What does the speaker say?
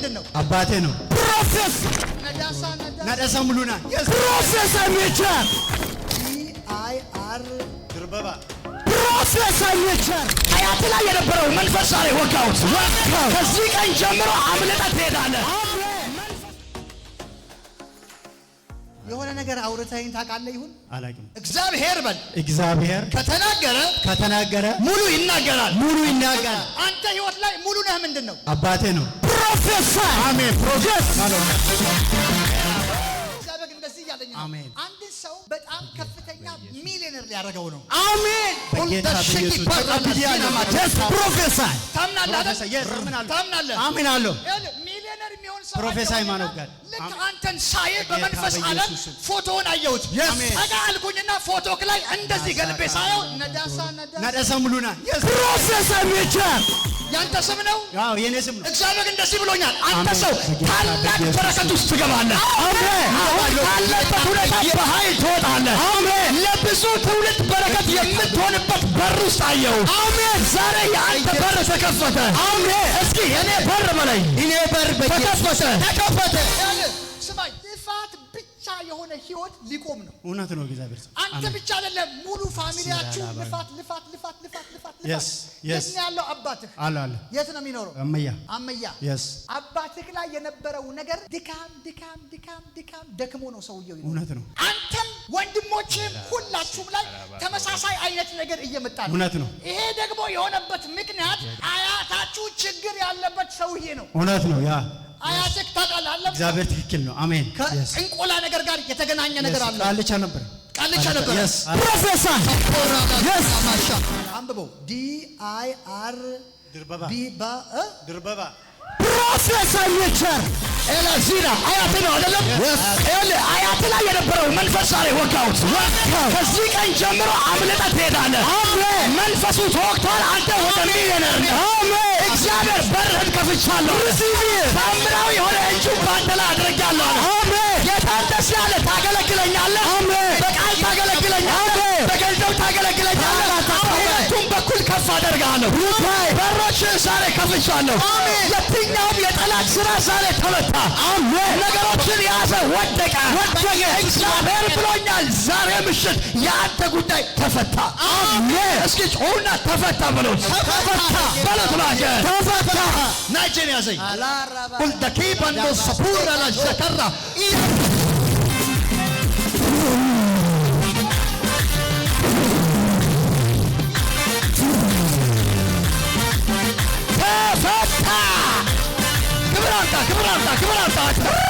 ምንድን ነው? አባቴ ነው። ፕሮፌሰር ነዳሳ ሙሉና ፕሮፌሰር ሜቸር አይ አር ድርበባ ፕሮፌሰር ሜቸር አያት ላይ የነበረው መንፈስ ዛሬ ወጋሁት። ከዚህ ቀን ጀምሮ አምልጠ ትሄዳለህ። የሆነ ነገር አውርተኝ ታውቃለህ? ይሁን አላውቅም። እግዚአብሔር በል እግዚአብሔር ከተናገረ ከተናገረ ሙሉ ይናገራል፣ ሙሉ ይናገራል። አንተ ህይወት ላይ ሙሉ ነህ። ምንድን ነው አባቴ ነው prophesy. Amen. አሜን። አንድ ሰው በጣም ከፍተኛ ሚሊዮነር ሊያደርገው ነው። አሜን። ሚሊዮነር የሚሆን ሰው ፕሮፌሳይ ማነው ጋር ልክ አንተን ሳይ በመንፈስ ዓለም ፎቶውን አየሁት። ጠጋ አልኩኝና ፎቶክ ላይ እንደዚህ ገልቤ ሳየው ነዳሳ ነዳሳ ሙሉና ፕሮፌሳይ ሜቸር ያንተ ስም ነው። አዎ የኔ ስም ነው። እግዚአብሔር እንደዚህ ብሎኛል። አንተ ሰው ታላቅ በረከት ውስጥ ትገባለህ። አሜን። አሁን ካለበት ሁኔታ በኃይል ትወጣለህ። አሜን። ለብዙ ትውልድ በረከት የምትሆንበት በር ውስጥ አየው አሜን። ዛሬ የአንተ በር ተከፈተ። አሜን። እስኪ እኔ በር በላይ እኔ በር ተከፈተ ተከፈተ የሆነ ህይወት ሊቆም ነው። እውነት ነው። እግዚአብሔር ሰው አንተ ብቻ አይደለም፣ ሙሉ ፋሚሊያችሁ ልፋት ልፋት ልፋት ልፋት ልፋት ልፋት። ነው ያለው አባትህ? አለ አለ። የት ነው የሚኖረው? አመያ አመያ። የስ አባትህ ላይ የነበረው ነገር ድካም ድካም ድካም ድካም ደክሞ ነው ሰውየው። እውነት ነው። አንተም ወንድሞችህም ሁላችሁም ላይ ተመሳሳይ አይነት ነገር እየመጣ ነው። እውነት ነው። ይሄ ደግሞ የሆነበት ምክንያት አያታችሁ ችግር ያለበት ሰውዬ ነው። እውነት ነው። ያ አያትህ ታውቃለህ። እግዚአብሔር ትክክል ነው። አሜን። እንቆላ ነገር ጋር የተገናኘ ነገር አለ። ቃልቻ ነበር፣ ቃልቻ ነበር። ፕሮፌሰር ማሻ አንብበው። ዲ አይ አር ቢባ ድርበባ ፕሮፌሰር ዊልቸር ኤላዚራ አያት ነው አይደለም? ይኸውልህ አያት ላይ የነበረው መንፈስ ዛሬ ወጋሁት። ከዚህ ቀን ጀምሮ አምልጠህ ትሄዳለህ። መንፈሱ ተወቅቷል። አንተ ወደ ሚሊዮነር ነህ። እግዚአብሔር በርህን ከፍቻለሁ። ተአምራዊ የሆነ እጁን በአንተ ላይ ከፍቻለሁ። በሮችን ዛሬ ከፍቻለሁ። የትኛውም የጠላት ስራ ዛሬ ተመታ። ነገሮችን ያዘ፣ ወደቀ። እግዚአብሔር ብሎኛል። ዛሬ ምሽት የአንተ ጉዳይ ተፈታ። እስኪ ጮሁና ተፈታ በሎት፣ ተፈታ በሎት፣ ተፈታ ናጀን ያዘኝ ቁልደኪ በንዶ ሰፑረ ለዘተራ Come come come on, on, on, come on,